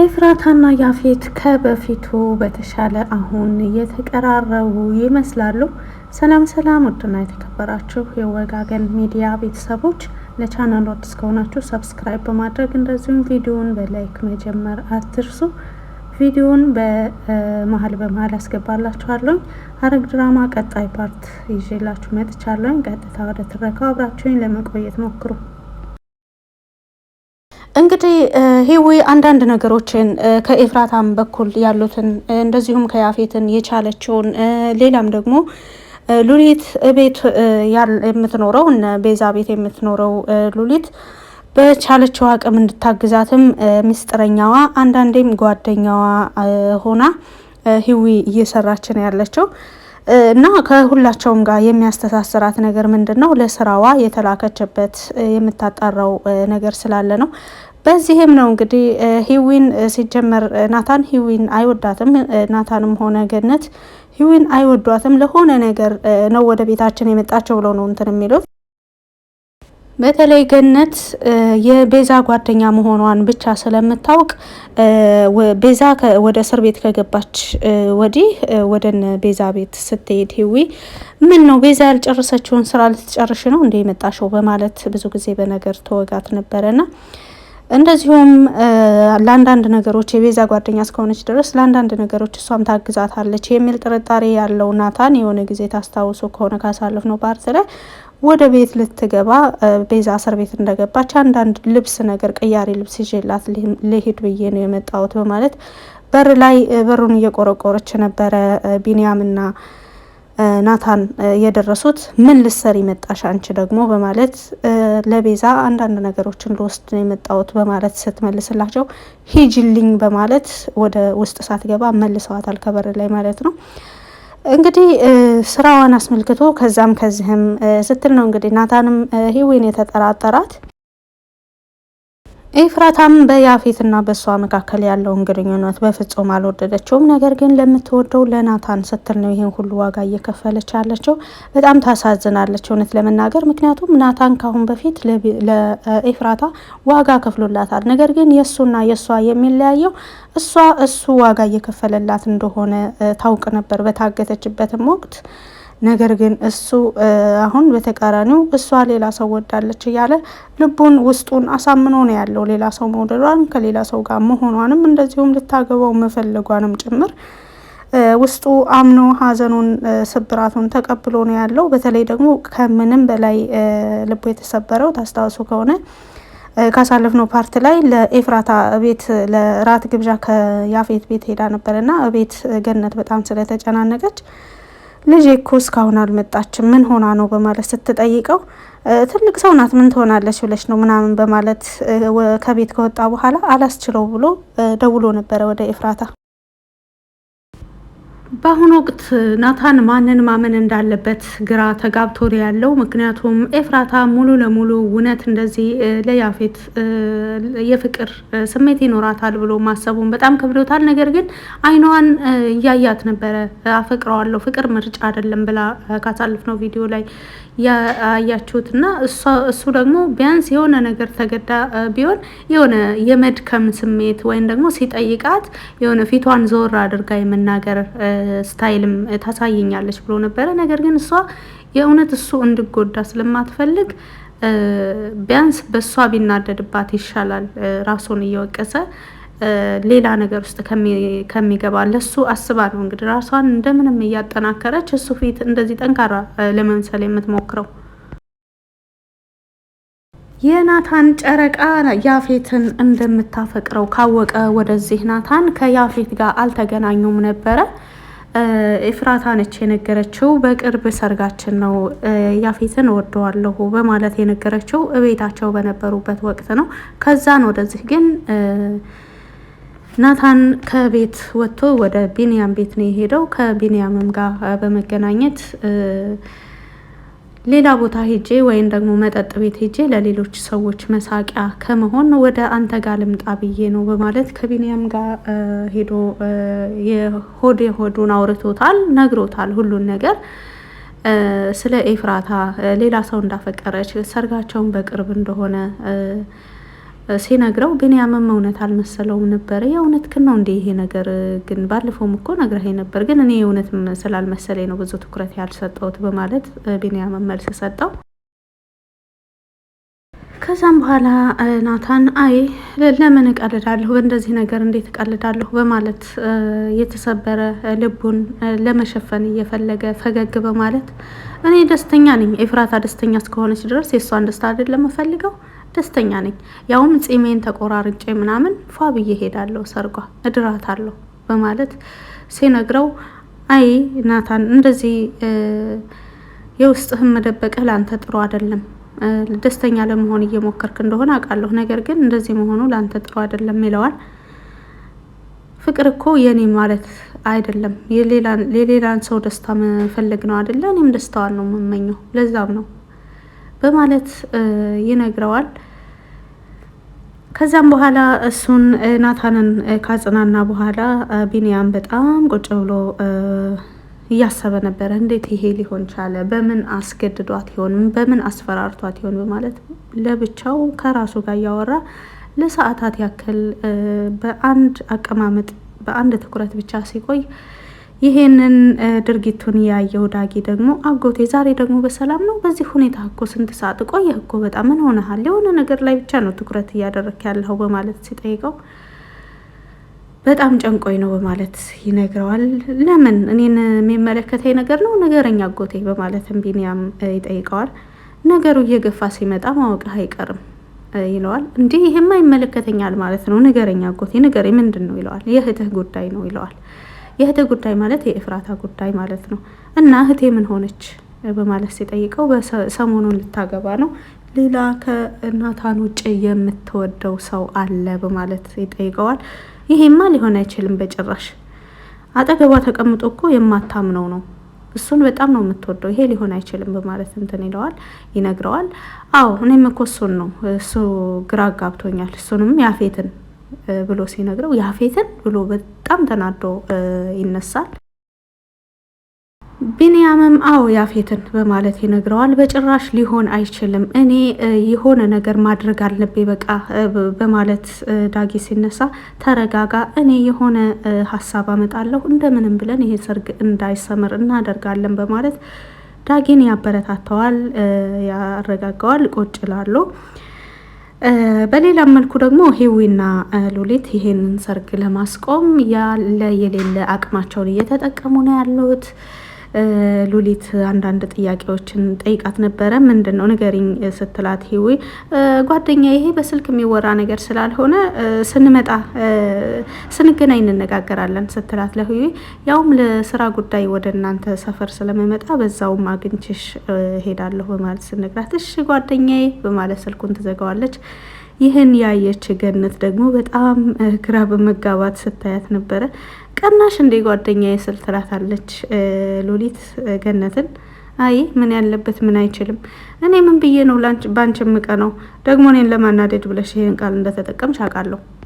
ኤፍራታና ያፌት ከበፊቱ በተሻለ አሁን እየተቀራረቡ ይመስላሉ። ሰላም ሰላም፣ ውድና የተከበራችሁ የወጋገን ሚዲያ ቤተሰቦች ለቻናሉ አዲስ ከሆናችሁ ሰብስክራይብ በማድረግ እንደዚሁም ቪዲዮውን በላይክ መጀመር አትርሱ። ቪዲዮውን በመሀል በመሀል አስገባላችኋለሁ። ሐረግ ድራማ ቀጣይ ፓርት ይዤላችሁ መጥቻለሁ። ቀጥታ ወደ ትረካው አብራችሁኝ ለመቆየት ሞክሩ። እንግዲህ ሂዊ አንዳንድ ነገሮችን ከኤፍራታም በኩል ያሉትን እንደዚሁም ከያፌትን የቻለችውን ሌላም ደግሞ ሉሊት ቤት የምትኖረው እነ ቤዛ ቤት የምትኖረው ሉሊት በቻለችው አቅም እንድታግዛትም ምስጢረኛዋ አንዳንዴም ጓደኛዋ ሆና ሂዊ እየሰራች ነው ያለችው እና ከሁላቸውም ጋር የሚያስተሳስራት ነገር ምንድን ነው? ለስራዋ የተላከችበት የምታጣራው ነገር ስላለ ነው። በዚህም ነው እንግዲህ ሂዊን ሲጀመር ናታን ሂዊን አይወዳትም። ናታንም ሆነ ገነት ሂዊን አይወዷትም። ለሆነ ነገር ነው ወደ ቤታችን የመጣቸው ብለው ነው እንትን የሚሉት። በተለይ ገነት የቤዛ ጓደኛ መሆኗን ብቻ ስለምታውቅ ቤዛ ወደ እስር ቤት ከገባች ወዲህ ወደን ቤዛ ቤት ስትሄድ ህዊ ምን ነው ቤዛ ያልጨረሰችውን ስራ ልትጨርሽ ነው እንደ የመጣሸው በማለት ብዙ ጊዜ በነገር ተወጋት ነበረና እንደዚሁም ለአንዳንድ ነገሮች የቤዛ ጓደኛ እስከሆነች ድረስ ለአንዳንድ ነገሮች እሷም ታግዛታለች የሚል ጥርጣሬ ያለው ናታን የሆነ ጊዜ ታስታውሶ ከሆነ ካሳለፍ ነው ፓርቲ ላይ ወደ ቤት ልትገባ ቤዛ እስር ቤት እንደገባች አንዳንድ ልብስ ነገር ቅያሪ ልብስ ይዤላት ልሂድ ብዬ ነው የመጣሁት በማለት በር ላይ በሩን እየቆረቆረች ነበረ ቢንያምና ናታን የደረሱት ምን ልሰር መጣሽ አንቺ ደግሞ በማለት ለቤዛ አንዳንድ ነገሮችን ልወስድ ነው የመጣሁት በማለት ስትመልስላቸው ሂጅልኝ በማለት ወደ ውስጥ ሳትገባ መልሰዋታል፣ ከበር ላይ ማለት ነው። እንግዲህ ስራዋን አስመልክቶ ከዛም ከዚህም ስትል ነው እንግዲህ ናታንም ሂዊን የተጠራጠራት ኤፍራታም በያፌትና በእሷ መካከል ያለውን ግንኙነት በፍጹም አልወደደችውም። ነገር ግን ለምትወደው ለናታን ስትል ነው ይህን ሁሉ ዋጋ እየከፈለች ያለችው። በጣም ታሳዝናለች እውነት ለመናገር ምክንያቱም ናታን ካሁን በፊት ለኤፍራታ ዋጋ ከፍሎላታል። ነገር ግን የእሱና የእሷ የሚለያየው እሷ እሱ ዋጋ እየከፈለላት እንደሆነ ታውቅ ነበር በታገተችበትም ወቅት ነገር ግን እሱ አሁን በተቃራኒው እሷ ሌላ ሰው ወዳለች እያለ ልቡን ውስጡን አሳምኖ ነው ያለው። ሌላ ሰው መውደዷን ከሌላ ሰው ጋር መሆኗንም እንደዚሁም ልታገባው መፈለጓንም ጭምር ውስጡ አምኖ ሀዘኑን ስብራቱን ተቀብሎ ነው ያለው። በተለይ ደግሞ ከምንም በላይ ልቡ የተሰበረው ታስታውሱ ከሆነ ካሳለፍነው ፓርት ላይ ለኤፍራታ ቤት ለራት ግብዣ ከያፌት ቤት ሄዳ ነበርና ቤት ገነት በጣም ስለተጨናነቀች ልጅ እኮ እስካሁን አልመጣችም ምን ሆና ነው በማለት ስትጠይቀው ትልቅ ሰው ናት ምን ትሆናለች ብለች ነው ምናምን በማለት ከቤት ከወጣ በኋላ አላስችለው ብሎ ደውሎ ነበረ ወደ ኤፍራታ በአሁኑ ወቅት ናታን ማንን ማመን እንዳለበት ግራ ተጋብቶ ያለው። ምክንያቱም ኤፍራታ ሙሉ ለሙሉ እውነት እንደዚህ ለያፌት የፍቅር ስሜት ይኖራታል ብሎ ማሰቡን በጣም ከብዶታል። ነገር ግን አይኗን እያያት ነበረ። አፈቅረዋለሁ፣ ፍቅር ምርጫ አይደለም ብላ ነው ቪዲዮ ላይ ያያችሁት እና እሱ ደግሞ ቢያንስ የሆነ ነገር ተገዳ ቢሆን የሆነ የመድከም ስሜት ወይም ደግሞ ሲጠይቃት የሆነ ፊቷን ዞር አድርጋ የመናገር ስታይልም ታሳየኛለች ብሎ ነበረ። ነገር ግን እሷ የእውነት እሱ እንድጎዳ ስለማትፈልግ ቢያንስ በእሷ ቢናደድባት ይሻላል ራሱን እየወቀሰ ሌላ ነገር ውስጥ ከሚገባ ለሱ አስባ ነው እንግዲህ ራሷን እንደምንም እያጠናከረች እሱ ፊት እንደዚህ ጠንካራ ለመምሰል የምትሞክረው። የናታን ጨረቃ ያፌትን እንደምታፈቅረው ካወቀ ወደዚህ ናታን ከያፌት ጋር አልተገናኙም ነበረ። ኤፍራታ ነች የነገረችው። በቅርብ ሰርጋችን ነው ያፌትን ወደዋለሁ በማለት የነገረችው እቤታቸው በነበሩበት ወቅት ነው። ከዛን ወደዚህ ግን ናታን ከቤት ወጥቶ ወደ ቢንያም ቤት ነው የሄደው። ከቢንያምም ጋር በመገናኘት ሌላ ቦታ ሄጄ ወይም ደግሞ መጠጥ ቤት ሄጄ ለሌሎች ሰዎች መሳቂያ ከመሆን ወደ አንተ ጋር ልምጣ ብዬ ነው በማለት ከቢንያም ጋር ሄዶ የሆድ የሆዱን አውርቶታል፣ ነግሮታል ሁሉን ነገር ስለ ኤፍራታ ሌላ ሰው እንዳፈቀረች ሰርጋቸውን በቅርብ እንደሆነ ሲነግረው ግን ያመም እውነት አልመሰለውም ነበረ። የእውነት የእውነትህን ነው እንዴ ይሄ ነገር ግን ባለፈውም እኮ ነግረኸኝ ነበር፣ ግን እኔ የእውነት ስላልመሰለኝ ነው ብዙ ትኩረት ያልሰጠውት በማለት ቢንያምም መልስ ሰጠው። ከዛም በኋላ ናታን አይ ለምን እቀልዳለሁ በእንደዚህ ነገር እንዴት እቀልዳለሁ በማለት የተሰበረ ልቡን ለመሸፈን እየፈለገ ፈገግ በማለት እኔ ደስተኛ ነኝ፣ ኤፍራታ ደስተኛ እስከሆነች ድረስ የእሷን ደስታ አይደል ለምፈልገው ደስተኛ ነኝ። ያውም ጺሜን ተቆራርጬ ምናምን ፏ ብዬ ሄዳለሁ፣ ሰርጓ እድራታለሁ በማለት ሲነግረው አይ ናታን፣ እንደዚህ የውስጥህን መደበቅህ ለአንተ ጥሩ አይደለም። ደስተኛ ለመሆን እየሞከርክ እንደሆነ አውቃለሁ፣ ነገር ግን እንደዚህ መሆኑ ለአንተ ጥሩ አይደለም ይለዋል። ፍቅር እኮ የኔ ማለት አይደለም የሌላን ሰው ደስታ መፈለግ ነው አይደለ? እኔም ደስታዋን ነው የምመኘው፣ ለዛም ነው በማለት ይነግረዋል። ከዛም በኋላ እሱን ናታንን ካጽናና በኋላ ቢንያም በጣም ቁጭ ብሎ እያሰበ ነበረ። እንዴት ይሄ ሊሆን ቻለ? በምን አስገድዷት ይሆን? በምን አስፈራርቷት ይሆን? በማለት ለብቻው ከራሱ ጋር እያወራ ለሰዓታት ያክል በአንድ አቀማመጥ በአንድ ትኩረት ብቻ ሲቆይ ይሄንን ድርጊቱን ያየው ዳጊ ደግሞ አጎቴ ዛሬ ደግሞ በሰላም ነው? በዚህ ሁኔታ እኮ ስንት ሰዓት ቆየህ እኮ በጣም ምን ሆነሃል? የሆነ ነገር ላይ ብቻ ነው ትኩረት እያደረክ ያለው በማለት ሲጠይቀው በጣም ጨንቆኝ ነው በማለት ይነግረዋል። ለምን እኔን የሚመለከተኝ ነገር ነው ነገረኛ አጎቴ በማለትም ቢኒያም ይጠይቀዋል። ነገሩ እየገፋ ሲመጣ ማወቅህ አይቀርም ይለዋል። እንዲህ ይህማ ይመለከተኛል ማለት ነው? ነገረኛ አጎቴ ንገረኝ፣ ምንድን ነው ይለዋል። የእህትህ ጉዳይ ነው ይለዋል። የእህት ጉዳይ ማለት የእፍራታ ጉዳይ ማለት ነው እና እህቴ ምን ሆነች በማለት ሲጠይቀው ሰሞኑን ልታገባ ነው ሌላ ከናታን ውጭ የምትወደው ሰው አለ በማለት ይጠይቀዋል። ይሄማ ሊሆን አይችልም በጭራሽ አጠገቧ ተቀምጦ እኮ የማታምነው ነው እሱን በጣም ነው የምትወደው። ይሄ ሊሆን አይችልም በማለት እንትን ይለዋል ይነግረዋል። አዎ እኔም እኮ እሱን ነው እሱ ግራ ጋብቶኛል። እሱንም ያፌትን ብሎ ሲነግረው ያፌትን ብሎ በጣም ተናዶ ይነሳል። ቢንያምም አዎ ያፌትን በማለት ይነግረዋል። በጭራሽ ሊሆን አይችልም፣ እኔ የሆነ ነገር ማድረግ አለብኝ በቃ በማለት ዳጊ ሲነሳ፣ ተረጋጋ፣ እኔ የሆነ ሀሳብ አመጣለሁ፣ እንደምንም ብለን ይሄ ሰርግ እንዳይሰምር እናደርጋለን በማለት ዳጊን ያበረታተዋል፣ ያረጋጋዋል። ቆጭላሉ። በሌላም መልኩ ደግሞ ሂዊና ሉሊት ይሄንን ሰርግ ለማስቆም ያለ የሌለ አቅማቸውን እየተጠቀሙ ነው ያሉት። ሉሊት አንዳንድ ጥያቄዎችን ጠይቃት ነበረ። ምንድን ነው ንገሪኝ ስትላት ሂዊ ጓደኛ፣ ይሄ በስልክ የሚወራ ነገር ስላልሆነ ስንመጣ ስንገናኝ እንነጋገራለን ስትላት ለሂዊ ያውም ለስራ ጉዳይ ወደ እናንተ ሰፈር ስለምመጣ በዛውም አግኝቼሽ ሄዳለሁ በማለት ስነግራት እሺ ጓደኛዬ በማለት ስልኩን ትዘጋዋለች። ይህን ያየች ገነት ደግሞ በጣም ግራ በመጋባት ስታያት ነበረ። ቀናሽ እንዴ ጓደኛዬ ትራት ትላታለች ሉሊት ገነትን። አይ ምን ያለበት ምን አይችልም። እኔ ምን ብዬ ነው ባንች ምቀ ነው ደግሞ እኔን ለማናደድ ብለሽ ይህን ቃል እንደተጠቀምሽ አውቃለሁ።